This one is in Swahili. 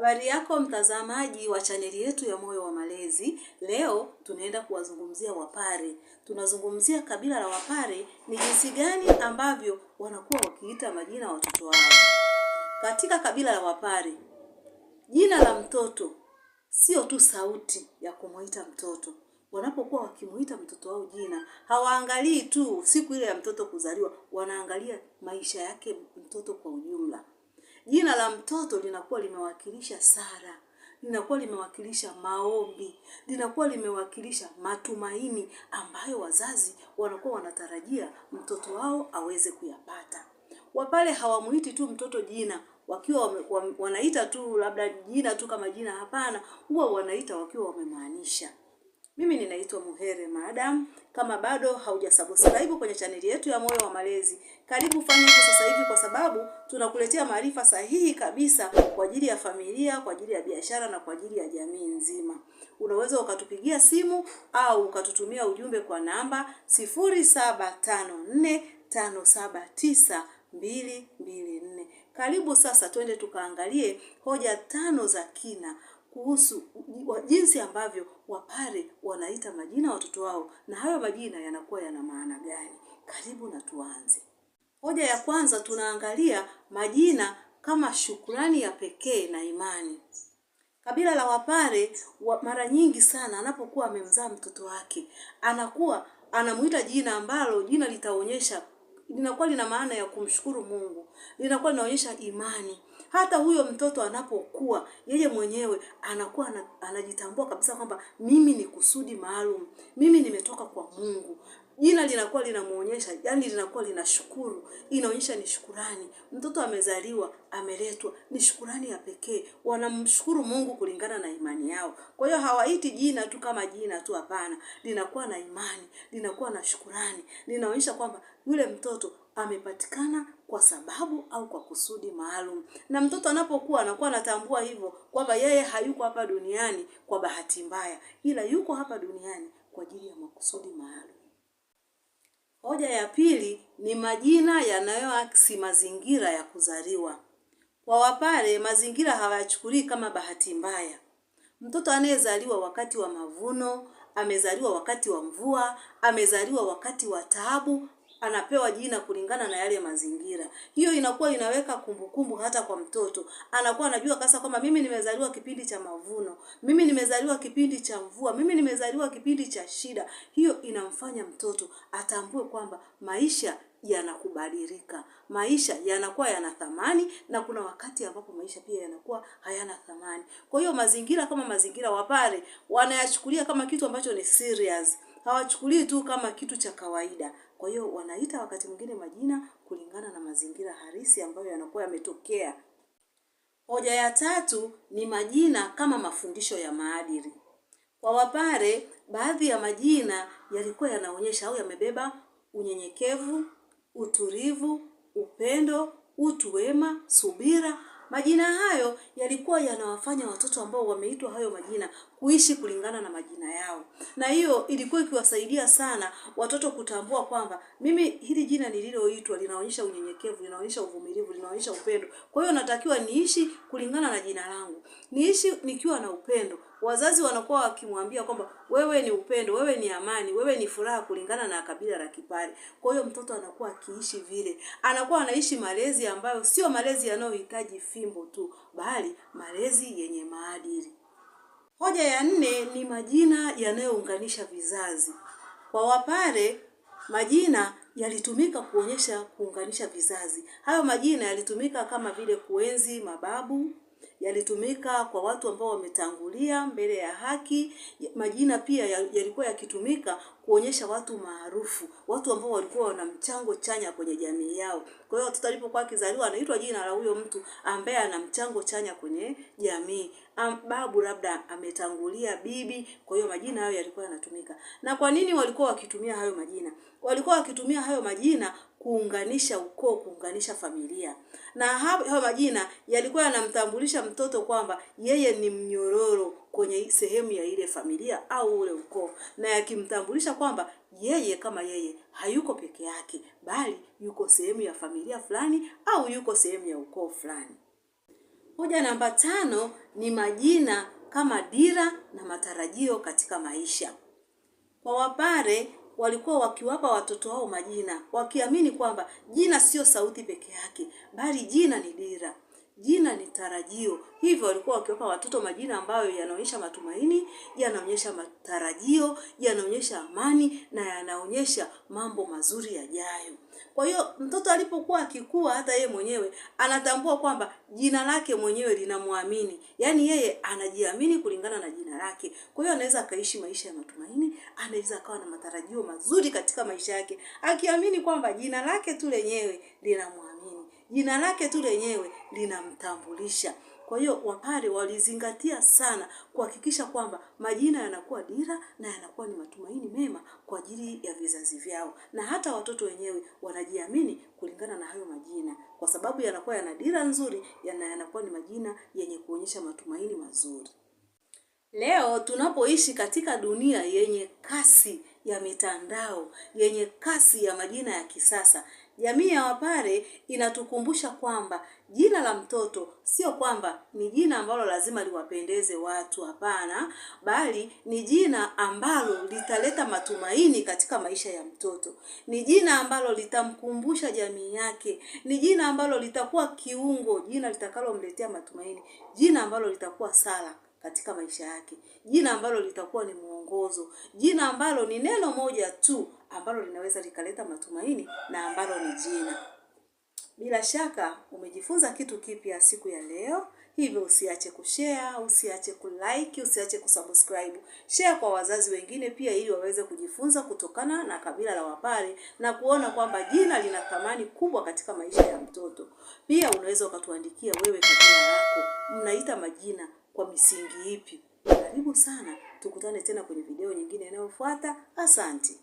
Habari yako mtazamaji wa chaneli yetu ya Moyo wa Malezi. Leo tunaenda kuwazungumzia Wapare. Tunazungumzia kabila la Wapare ni jinsi gani ambavyo wanakuwa wakiita majina watoto wao. Katika kabila la Wapare, jina la mtoto sio tu sauti ya kumuita mtoto. Wanapokuwa wakimuita mtoto wao jina, hawaangalii tu siku ile ya mtoto kuzaliwa, wanaangalia maisha yake mtoto kwa ujumla. Jina la mtoto linakuwa limewakilisha sala, linakuwa limewakilisha maombi, linakuwa limewakilisha matumaini ambayo wazazi wanakuwa wanatarajia mtoto wao aweze kuyapata. Wapale hawamuiti tu mtoto jina wakiwa wanaita tu labda jina tu kama jina. Hapana, huwa wanaita wakiwa wamemaanisha. Mimi ninaitwa Muhere Madam. Kama bado haujasubscribe kwenye chaneli yetu ya Moyo wa Malezi, karibu fanya hivyo sasa hivi, kwa sababu tunakuletea maarifa sahihi kabisa kwa ajili ya familia, kwa ajili ya biashara na kwa ajili ya jamii nzima. Unaweza ukatupigia simu au ukatutumia ujumbe kwa namba 0754579224. Karibu sasa, twende tukaangalie hoja tano za kina kuhusu jinsi ambavyo Wapare wanaita majina watoto wao na hayo majina yanakuwa yana maana gani. Karibu na tuanze. Hoja ya kwanza, tunaangalia majina kama shukurani ya pekee na imani. Kabila la Wapare wa mara nyingi sana anapokuwa amemzaa mtoto wake anakuwa anamuita jina ambalo jina litaonyesha linakuwa lina maana ya kumshukuru Mungu, linakuwa linaonyesha imani hata huyo mtoto anapokuwa yeye mwenyewe anakuwa anajitambua kabisa kwamba mimi ni kusudi maalum, mimi nimetoka kwa Mungu. Jina linakuwa linamwonyesha, yani linakuwa linashukuru, inaonyesha ni shukurani. Mtoto amezaliwa, ameletwa, ni shukurani ya pekee. Wanamshukuru Mungu kulingana na imani yao. Kwa hiyo hawaiti jina tu kama jina tu, hapana, linakuwa na imani, linakuwa na shukurani, linaonyesha kwamba yule mtoto amepatikana kwa sababu au kwa kusudi maalum. Na mtoto anapokuwa anakuwa anatambua hivyo kwamba yeye hayuko hapa duniani kwa bahati mbaya, ila yuko hapa duniani kwa ajili ya makusudi maalum. Hoja ya pili ni majina yanayoakisi mazingira ya kuzaliwa. Kwa Wapare, mazingira hawayachukulii kama bahati mbaya. Mtoto anayezaliwa wakati wa mavuno, amezaliwa wakati wa mvua, amezaliwa wakati wa taabu, anapewa jina kulingana na yale mazingira. Hiyo inakuwa inaweka kumbukumbu -kumbu hata kwa mtoto, anakuwa anajua kasa kwamba mimi nimezaliwa kipindi cha mavuno, mimi nimezaliwa kipindi cha mvua, mimi nimezaliwa kipindi cha shida. Hiyo inamfanya mtoto atambue kwamba maisha yanakubadilika, maisha yanakuwa yana thamani, na kuna wakati ambapo maisha pia yanakuwa hayana thamani. Kwa hiyo mazingira kama mazingira, Wapare wanayachukulia kama kitu ambacho ni serious hawachukulii tu kama kitu cha kawaida. Kwa hiyo wanaita wakati mwingine majina kulingana na mazingira halisi ambayo yanakuwa yametokea. Hoja ya tatu ni majina kama mafundisho ya maadili. Kwa Wapare, baadhi ya majina yalikuwa yanaonyesha au yamebeba unyenyekevu, utulivu, upendo, utu wema, subira. Majina hayo yalikuwa yanawafanya watoto ambao wameitwa hayo majina kuishi kulingana na majina yao, na hiyo ilikuwa ikiwasaidia sana watoto kutambua kwamba mimi hili jina nililoitwa linaonyesha unyenyekevu, linaonyesha uvumilivu, linaonyesha upendo. Kwa hiyo natakiwa niishi kulingana na jina langu, niishi nikiwa na upendo. Wazazi wanakuwa wakimwambia kwamba wewe ni upendo, wewe ni amani, wewe ni furaha, kulingana na kabila la Kipare. Kwa hiyo mtoto anakuwa akiishi vile, anakuwa anaishi malezi ambayo sio malezi yanayohitaji fimbo tu, bali malezi yenye maadili. Hoja ya nne ni majina yanayounganisha vizazi. Kwa Wapare, majina yalitumika kuonyesha kuunganisha vizazi. Hayo majina yalitumika kama vile kuenzi mababu, yalitumika kwa watu ambao wametangulia mbele ya haki. Majina pia yalikuwa yakitumika kuonyesha watu maarufu, watu ambao walikuwa wana mchango chanya kwenye jamii yao. Kwa hiyo mtoto alipokuwa akizaliwa anaitwa jina la huyo mtu ambaye ana mchango chanya kwenye jamii. Am, babu labda ametangulia bibi, kwa hiyo majina hayo yalikuwa yanatumika. Na kwa nini walikuwa wakitumia hayo majina? Walikuwa wakitumia hayo majina kuunganisha ukoo, kuunganisha familia. Na hayo majina yalikuwa yanamtambulisha mtoto kwamba yeye ni mnyororo kwenye sehemu ya ile familia au ule ukoo, na yakimtambulisha kwamba yeye kama yeye hayuko peke yake, bali yuko sehemu ya familia fulani au yuko sehemu ya ukoo fulani. Hoja namba tano ni majina kama dira na matarajio katika maisha. Kwa Wapare walikuwa wakiwapa watoto wao majina, wakiamini kwamba jina sio sauti peke yake, bali jina ni dira. Jina ni tarajio, hivyo walikuwa wakiwapa watoto majina ambayo yanaonyesha matumaini, yanaonyesha matarajio, yanaonyesha amani na yanaonyesha mambo mazuri yajayo. Kwa hiyo mtoto alipokuwa akikua, hata yeye mwenyewe anatambua kwamba jina lake mwenyewe linamwamini, yaani yeye anajiamini kulingana na jina lake. Kwa hiyo anaweza akaishi maisha ya matumaini, anaweza akawa na matarajio mazuri katika maisha yake, akiamini kwamba jina lake tu lenyewe linamwamini jina lake tu lenyewe linamtambulisha. Kwa hiyo wapare walizingatia sana kuhakikisha kwamba majina yanakuwa dira na yanakuwa ni matumaini mema kwa ajili ya vizazi vyao, na hata watoto wenyewe wanajiamini kulingana na hayo majina, kwa sababu yanakuwa yana dira nzuri na yanakuwa ni majina yenye kuonyesha matumaini mazuri. Leo tunapoishi katika dunia yenye kasi ya mitandao, yenye kasi ya majina ya kisasa, Jamii ya Wapare inatukumbusha kwamba jina la mtoto sio kwamba ni jina ambalo lazima liwapendeze watu, hapana, bali ni jina ambalo litaleta matumaini katika maisha ya mtoto, ni jina ambalo litamkumbusha jamii yake, ni jina ambalo litakuwa kiungo, jina litakalomletea matumaini, jina ambalo litakuwa sala katika maisha yake, jina ambalo litakuwa ni mwongozo, jina ambalo ni neno moja tu ambalo linaweza likaleta matumaini na ambalo ni jina. Bila shaka umejifunza kitu kipya siku ya leo, hivyo usiache kushare, usiache kulike, usiache kusubscribe. Share kwa wazazi wengine pia, ili waweze kujifunza kutokana na kabila la Wapare na kuona kwamba jina lina thamani kubwa katika maisha ya mtoto. Pia unaweza ukatuandikia wewe kabila lako, mnaita majina kwa misingi ipi? Karibu sana, tukutane tena kwenye video nyingine inayofuata. Asante.